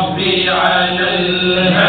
ربي على الهدى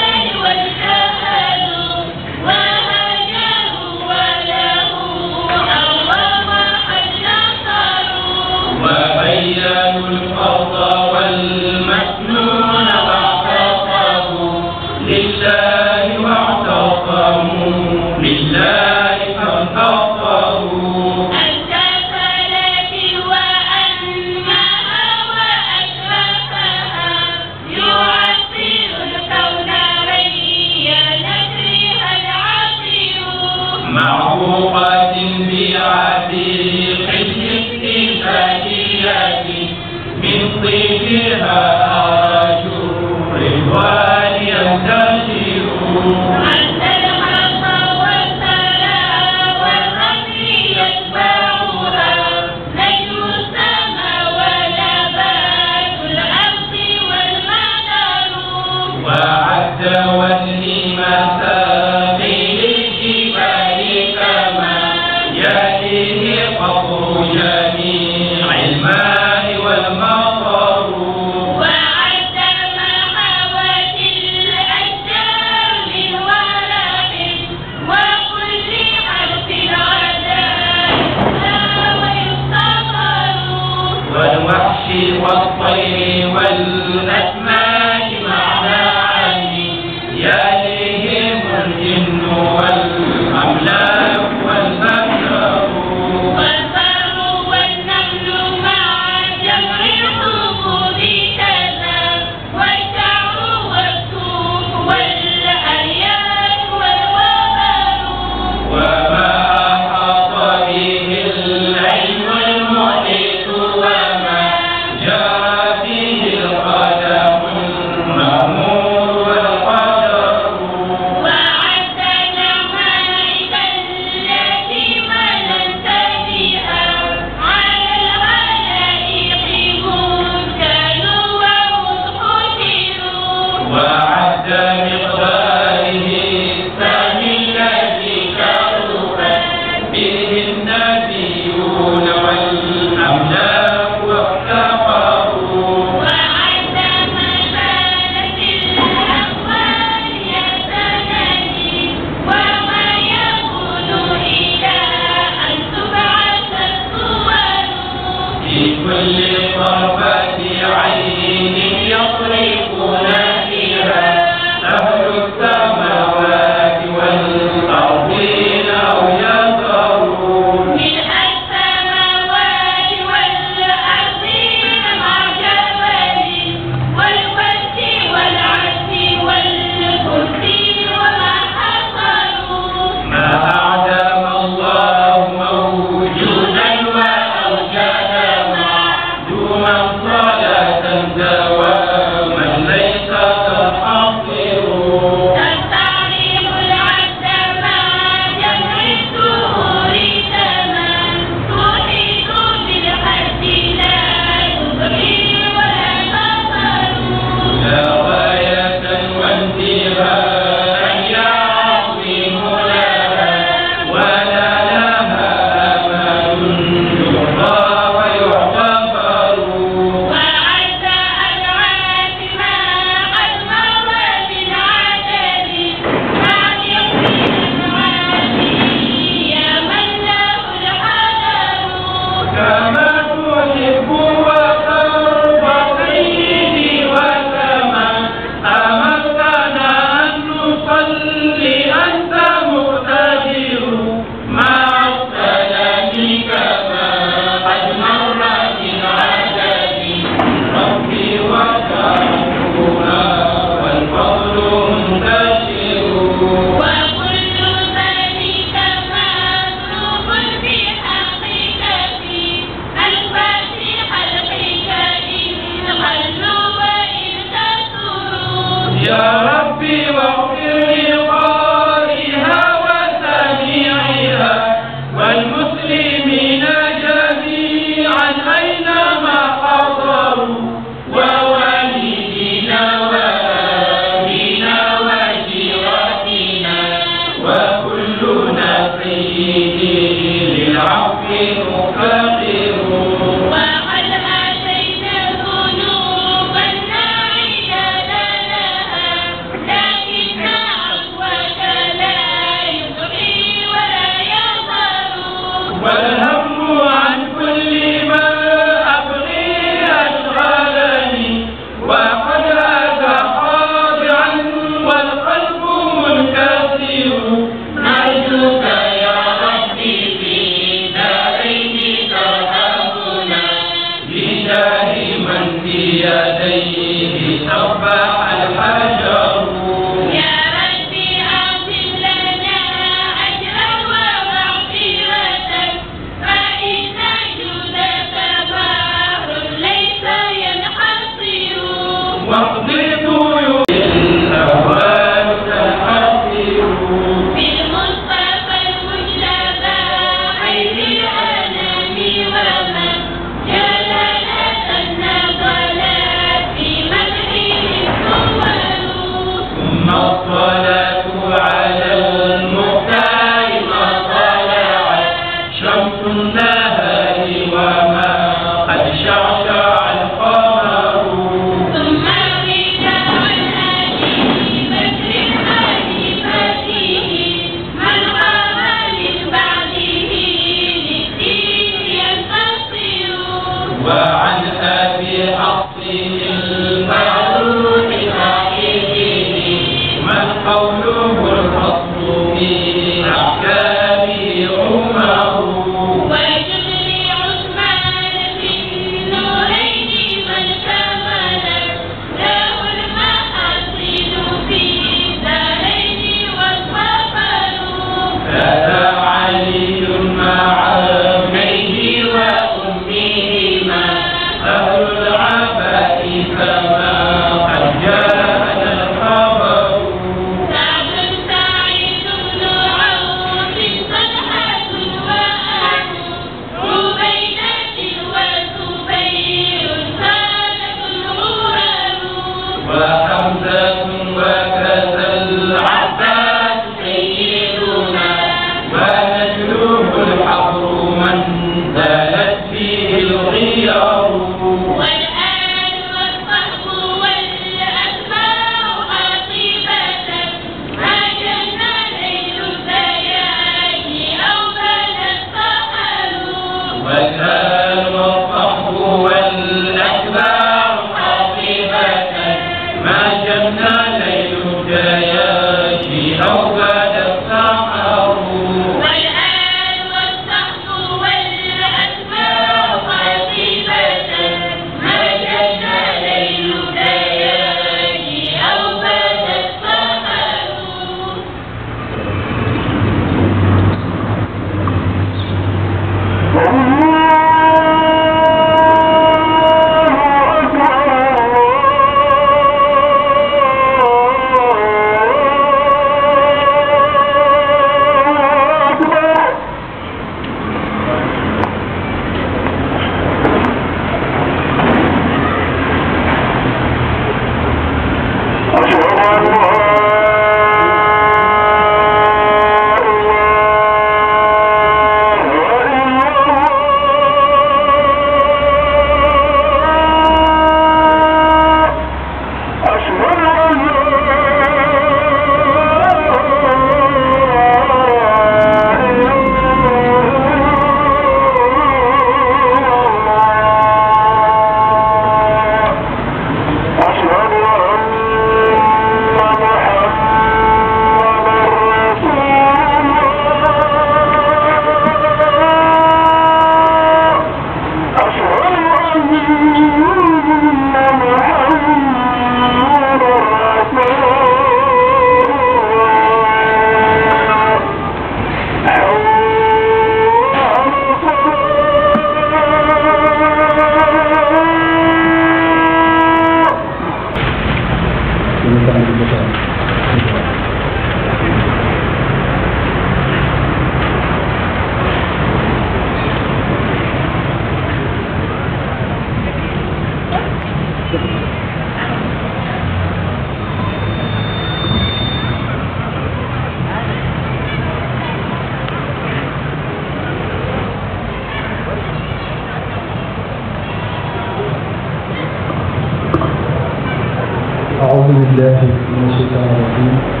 deve me escutar aqui.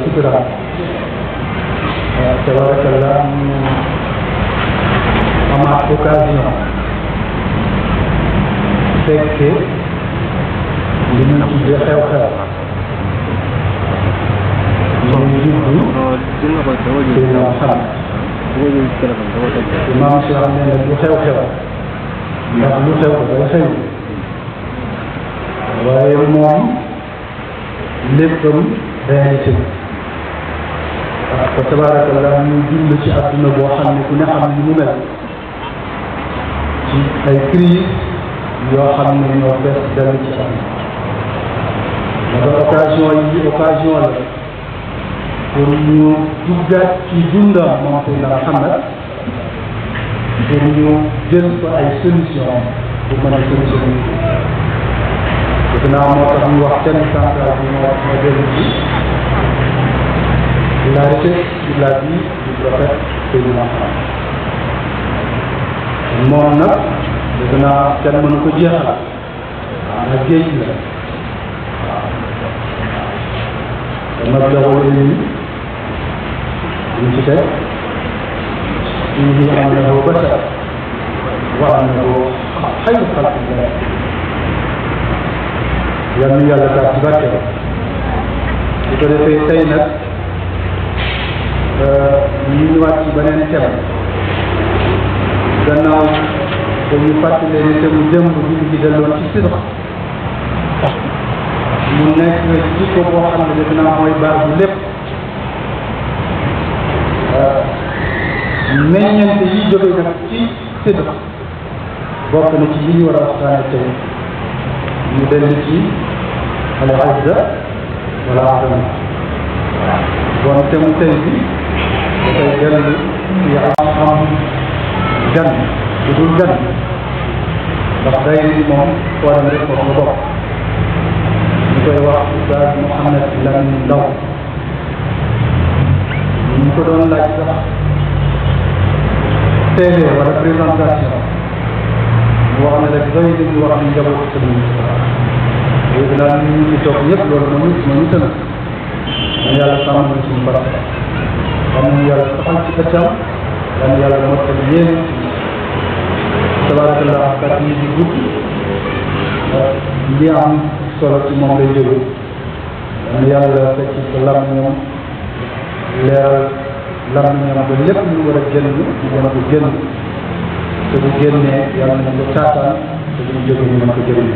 وشكرا تبارك الله en occasion fekk li ñu tuddee xew-xew ñu judd ci ñoo xam imam si xam ne du xew-xew ndax lu xew day xew waaye moom léppam day xew fa tabarakallah ñu jublu ci adduna boo xam ne ku ne xam ni mu mel ci ay crise yoo xam ne ñoo fees dal ci adduna dafa occasion yi occasion la pour ñu duggaat ci dundam moom ko la xam nag pour ñu jël ko ay solution pour mën a solution yi defe naa moo tax ñu wax kenn central bi moo wax ma jël bi la richesse de la vie du prophète Seydina Muhammad moom nag dëgg naa kenn mënu ko jeexal waaw nag géej la waaw nag joxul ilmi ñu ci teg ñu ngi am na ko bëccëg wa am na ko xëy xalq yal na yàlla taas ci barke ko defee tey nag ñu ñëwaat ci beneen thème gannaaw ba ñu fàttali ne thème mu jëm bu ñu ci delloon ci sidq mu nekk jikko boo xam ne def naa mooy baax bu lépp meññeente yi jóge nag ci sidq bokk na ci li ñu war a waxtaane tey ñu dellu ci al azza wala azama bon thème mu tey bi يتجلي في عصر دم بدون دم بعدين ولم يكن رمضان بسبب أستاذ محمد لم لو ممكن لا يصح تاني ولا بريزان ذاكرة وعمل زيد ورحم جبل حسن المستقبل وإذن يتوقيت ورمونيت منيتنا من يالسان من سنبرا yal nañu yàlla saxal ci bëccam yal na yàlla mottal yéene tabarakallah kat yi di gudd li am solo ci moom lay jóge yal na sa lam ñoom leeral lam ñoom ba lépp lu war a génn ñu mën ko génn te bu génnee yàlla na ko taataan te bu jóge ñu mën ko jëriñ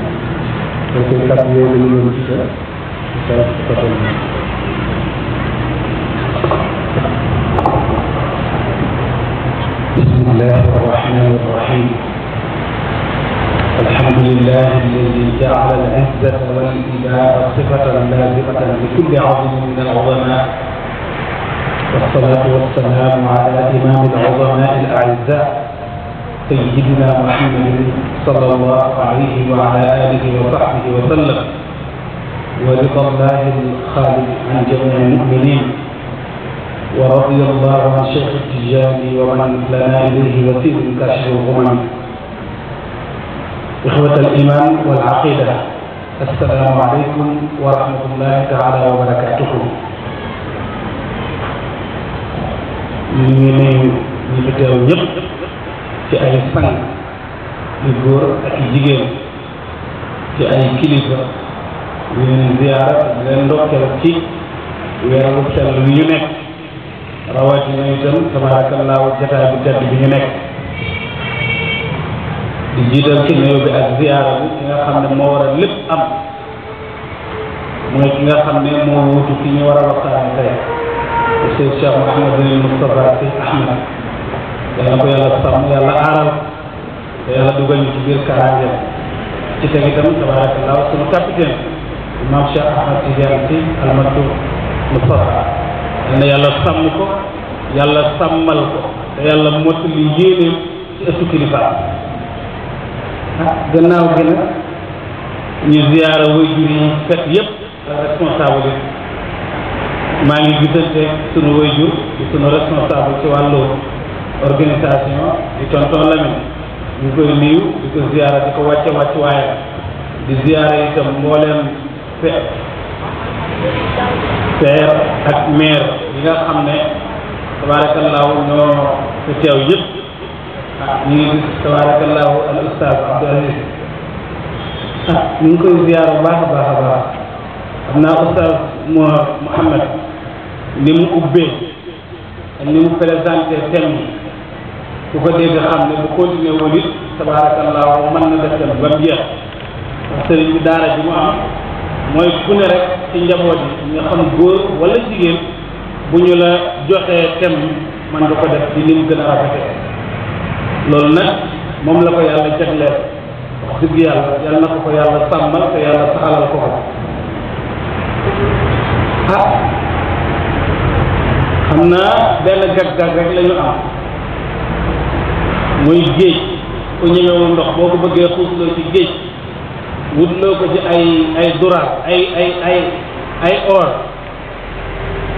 parce que kat yooyu dañu doon sa sa بسم الله الرحمن الرحيم الحمد لله الذي جعل العزة والانتباه صفة لازمة لكل عظيم من العظماء والصلاة والسلام على إمام العظماء الأعزاء سيدنا محمد صلى الله عليه وعلى آله وصحبه وسلم ورضا الله الخالد عن جميع المؤمنين ورضي الله عن شيخ التجاني ومن لنا إليه وسيل كشف الغمم إخوة الإيمان والعقيدة السلام عليكم ورحمة الله تعالى وبركاته من نيو ci ay sang yu góor ak yu jigéen ci ay زيارة ñu leen ziyaara leen ndokkeel rawatina itam tabaarakallaahu jataay bu tedd bi ñu nekk di jiital ci nuyoo bi ak ziyaara bi ki nga xam ne moo war a lépp am mooy ki nga xam ne moo wuutu ki ñu war a waxtaane tey monsieur Cheikh Mouhamadul Moustapha Sy Ahmed yàlla ko yàlla sàmm yàlla aaral te yàlla dugal ñu ci biir kaaraange ci teg itam tabaarakallaahu sunu capitaine imam Cheikh Ahmed Tidiane Sy Al Maktoum Moustapha na yàlla sàmm ko yàlla sàmmal ko te yàlla mottali yéenéem ci ëttu kilifaam ah, gannaaw gi nag ñu ziyaara waajur yi fet yépp responsable yi maa ngi gisante sunu waajur di sunu responsable ci wàllu organisation di tonton Lamine ñu koy nuyu di ko ziyaara di ko wàcce wàcc waaye di ziyaara itam mbooleem fet père ak mère yi nga xam ne tabaarakallaahu ñoo fi teew yëpp ah al ustaaz Abdou Aziz ah ñu ngi koy ziyaar naa ustaaz mo Mouhamed ni mu ubbee ak mu présenté thème yi ku ko dégg xam ne bu continué woon it tabaarakallaahu mën na def ba mu jeex sëriñ bi daara ji mooy ku ne rek ci njaboot yi nga xam góor wala jigéen bu ñu la joxee tem man nga ko def ci li mu gën a rafetee loolu nag moom la ko yàlla jagleel wax dëgg yàlla yàlla na ko ko yàlla sàmmal te yàlla saxalal ko ko ah xam naa benn gag-gag rek la ñu am muy géej ku ñemewul ndox boo ko bëggee xuusloo ci géej wutloo ko ci ay ay duraat ay ay ay ay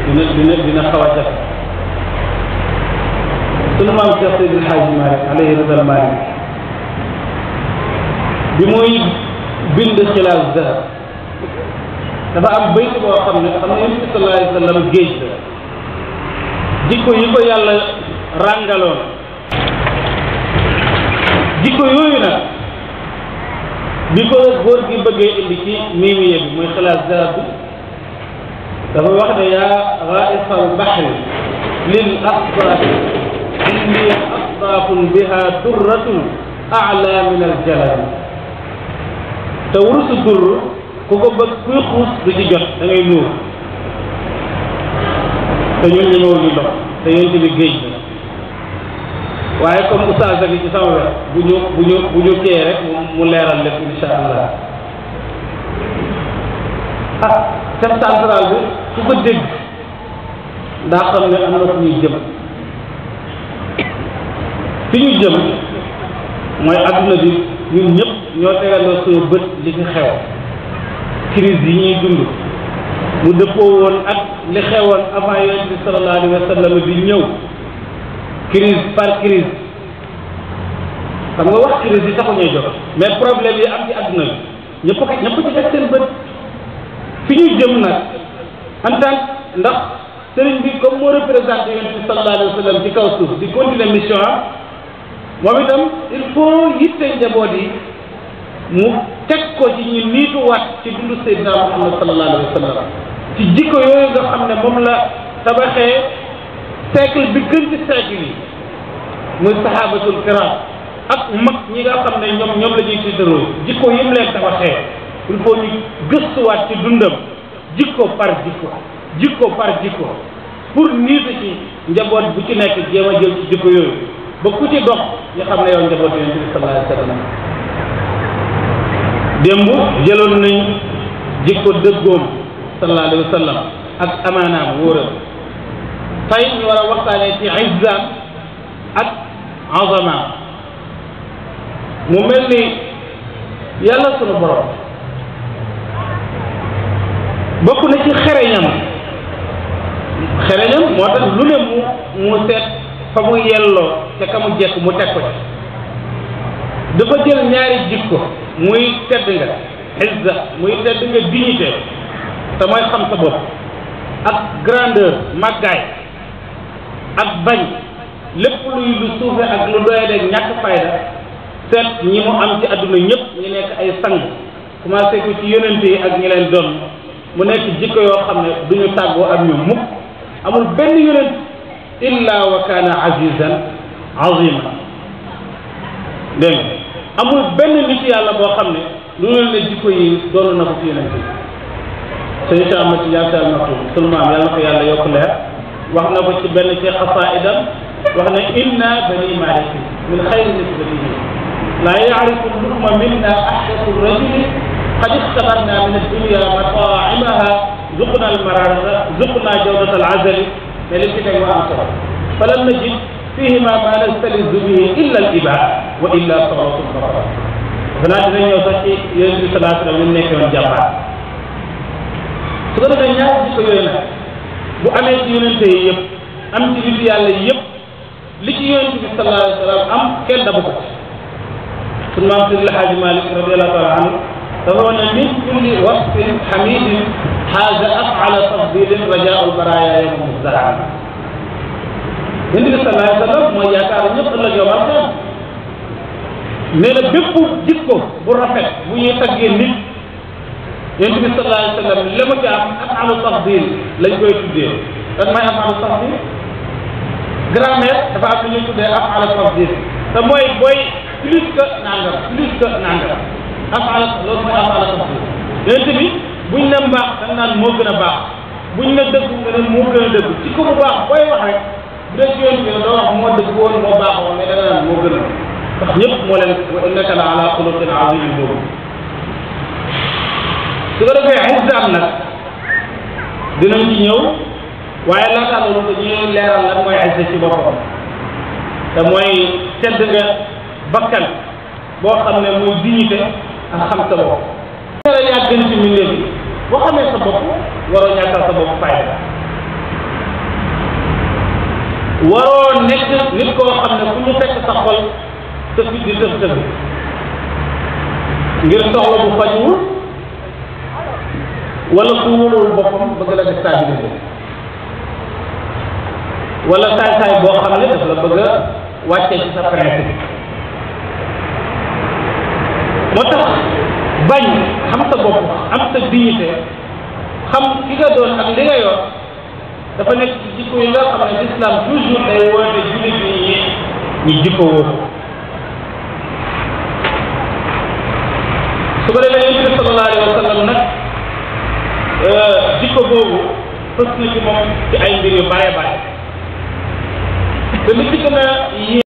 dina dina dina xaw a jafe sunu maam Cheikh Seydil Hadji Malick alayhi ridal Malick bi muy bind xilaal zahab dafa am bayt boo xam ne xam ne yonent bi sallallahu géej la jikko yi ko yàlla ràngaloon jikko yooyu nag bi ko góor gi bëggee indi ci miimiye bi muy xilaas garab bi dafa wax ne yaa raisa albaxri lil asdaafi indi asdaafun biha durratun ala min aljalal te wurusu dur ku ko bëgg kuy xuus du ci jot da ngay nuur te ñun ñemewuñu ndox te yonte bi géej la waaye comme oustaz bi ci sama wet bu ñu bu ñu bu ñu kii rek mu leeral lépp incha allah ah thème central ko dégg daa xam ne am na fu ñuy jëm fi ñu jëm mooy adduna bi ñun ñëpp ñoo tegaloo suñu bët li fi xew crise yi ñuy dund mu dëppoo woon ak li xewoon avant yonent bi sallallahu alayhi bi ñëw crise par crise xam nga wax crise yi taxu ñuy jóg mais problème yi am ci àdduna bi ñëpp ko ñëpp ci teg seen bët fi ñuy jëm nag en tant ndax sëriñ bi comme moo représenté yonent bi sallallahu alayhi wa ci kaw suuf di continuer mission moom itam il faut yitte njaboot yi mu teg ko ci ñu niituwaat ci dundu Seydina Muhammad sallallahu alayhi wa sallam ci jikko yooyu nga xam ne moom la tabaxee siècle bi gën ci siècle yi muy sahabatul kiram ak mag ñi nga xam ne ñoom ñoom la ñuy tiitaroo jikko yëpp leen tabaxee il faut ñu gëstuwaat ci dundam jikko par jikko jikko par jikko pour niitu ci njaboot bu ci nekk jéem a jël ci jikko yooyu ba ku ci dox ñu xam ne yow njaboot yonent bi sallallahu alayhi démb jëloon nañ jikko dëggoom sallallahu alayhi wa sallam ak amaanaam wóoram tey ñu war a waxtaanee ci izza ak azama mu mel ni yàlla sunu borom bokk na ci xereñam xereñam moo tax lu ne mu mu seet fa mu yelloo te ka jekk mu teg ko ci dafa jël ñaari ko muy tedd nga izza muy tedd nga dignité te mooy xam sa ak grandeur màggaay ak bañ lépp luy lu suufe ak lu doyalee ñàkk fayda seet ñi mu am ci àdduna ñëpp ñu nekk ay sang commencé ko ci yonente yi ak ñi leen doon mu nekk jikko yoo xam ne duñu tàggoo ak ñoom mukk amul benn yonent illa wa kaana azizan azima dégg amul benn nit yàlla boo xam ne lu leen ne jikko yi doon na ko ci yonente yi sëñ Cheikh Ahmad Tidiane Sy Al Maktoum sunu maam ko yàlla yokk leer واحنا بس بنت قصائدا واحنا إنا بني مالك من خير نسبته لا يعرف المرمى منا أحدث الرجل قد استغنى من الدنيا مطاعمها ذقنا المرارة ذقنا جودة العزل ملكنا وأنصر فلم نجد فيهما ما نستلذ به إلا الإباء وإلا صلاة الضرر هنا تنين يوسكي يجري صلاة لونيك من جمع سبحانه bu amee ci yonente yi yëpp am ci nit yàlla yëpp li ci yonente bi sallallahu alayhi wa sallam am kenn dabu ko ci suñu maam Seydi El Hadji Malick radiyallahu taala anhu dafa wax ne min kulli wasfin hamidin haza afala tafdilin rajaul baraya yawma muzdara yonente bi sallallahu alayhi wa sallam mooy yaakaar ñëpp ëllëg yow am nee na bépp jikko bu rafet bu ñuy taggee nit yonent bi sallallahu alayhi wa sallam li ma lañ koy tuddee lan mooy am amu tafdil grammaire dafa am lu ñuy tuddee am ala tafdil te mooy booy plus que nangam plus que nangam am ala loolu mooy bi buñ ne mbaax da nga naan moo gën a baax buñ ne dëgg nga moo gën a dëgg ci ko baax booy wax rek bu dee ci yonent bi doo moo dëgg woon moo baax woon mais da moo gën a ndax moo leen nekkal ala xuluqin azim boobu su ko defee xisaab nag dinañ ci ñëw waaye laata loolu dañuy leeral lan mooy xisa ci boppam te mooy tedd nga bakkan boo xam ne muy dignité ak xam sa bopp ne la yaa gën ci mbindeef yi boo xamee sa waroo ñàkkal sa bopp fayda waroo nekk nit koo xam ne fu ñu fekk sa xol tëf di tëf tëf ngir soxla bu fajuwul wala ku wóolul boppam bëgg la déstabiliser wala saay-saay boo xam ne daf la bëgg a wàccee ci sa principe moo tax bañ xam sa bopp am sa dignité xam ki nga doon ak li nga yor dafa nekk ci jikko yi nga xam ne l'islam toujours day woote jullit yi ñu jikko woo su ko defee yonent bi sallallahu alayhi wa sallam Euh, jikko boobu fës na ci moom ay mbir yu bare bare te li